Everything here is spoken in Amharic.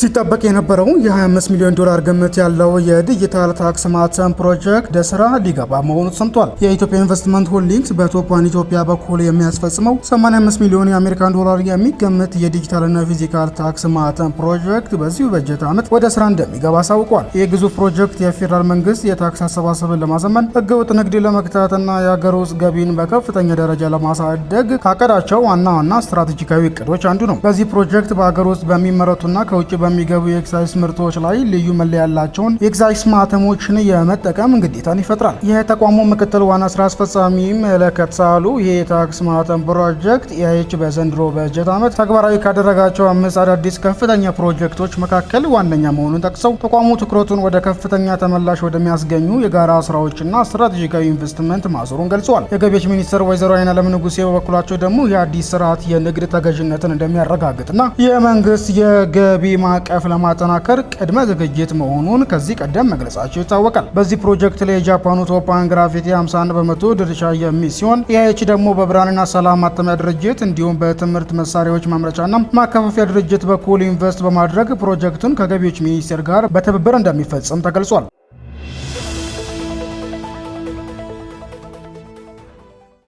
ሲጠበቅ የነበረው የ25 ሚሊዮን ዶላር ግምት ያለው የዲጂታል ታክስ ማተም ፕሮጀክት ደስራ ሊገባ መሆኑ ተሰምቷል። የኢትዮጵያ ኢንቨስትመንት ሆልዲንግስ በቶፓን ኢትዮጵያ በኩል የሚያስፈጽመው 85 ሚሊዮን የአሜሪካን ዶላር የሚገምት የዲጂታልና ፊዚካል ታክስ ማተም ፕሮጀክት በዚሁ በጀት ዓመት ወደ ስራ እንደሚገባ አሳውቋል። ይህ ግዙፍ ፕሮጀክት የፌዴራል መንግስት የታክስ አሰባሰብን ለማዘመን፣ ህገወጥ ንግድ ለመግታትና የአገር ውስጥ ገቢን በከፍተኛ ደረጃ ለማሳደግ ካቀዳቸው ዋና ዋና ስትራቴጂካዊ እቅዶች አንዱ ነው። በዚህ ፕሮጀክት በአገር ውስጥ በሚመረቱና ከውጭ በሚገቡ የኤክሳይዝ ምርቶች ላይ ልዩ መለያ ያላቸውን የኤክሳይዝ ማተሞችን የመጠቀም ግዴታን ይፈጥራል። የተቋሙ ምክትል ዋና ስራ አስፈጻሚ መለከት ሳሉ ይህ የታክስ ማተም ፕሮጀክት ኢአይች በዘንድሮ በጀት ዓመት ተግባራዊ ካደረጋቸው አምስት አዳዲስ ከፍተኛ ፕሮጀክቶች መካከል ዋነኛ መሆኑን ጠቅሰው ተቋሙ ትኩረቱን ወደ ከፍተኛ ተመላሽ ወደሚያስገኙ የጋራ ስራዎችና ስትራቴጂካዊ ኢንቨስትመንት ማዞሩን ገልጿል። የገቢዎች ሚኒስትር ወይዘሮ አይናለም ንጉሴ በበኩላቸው ደግሞ የአዲስ ስርዓት የንግድ ተገዥነትን እንደሚያረጋግጥና የመንግስት የገቢ ማ ማዕቀፍ ለማጠናከር ቅድመ ዝግጅት መሆኑን ከዚህ ቀደም መግለጻቸው ይታወቃል። በዚህ ፕሮጀክት ላይ የጃፓኑ ቶፓን ግራፊቲ 51 በመቶ ድርሻ የሚይዝ ሲሆን ኢአይች ደግሞ በብርሃንና ሰላም ማተሚያ ድርጅት እንዲሁም በትምህርት መሳሪያዎች ማምረቻና ማከፋፊያ ድርጅት በኩል ኢንቨስት በማድረግ ፕሮጀክቱን ከገቢዎች ሚኒስቴር ጋር በትብብር እንደሚፈጽም ተገልጿል።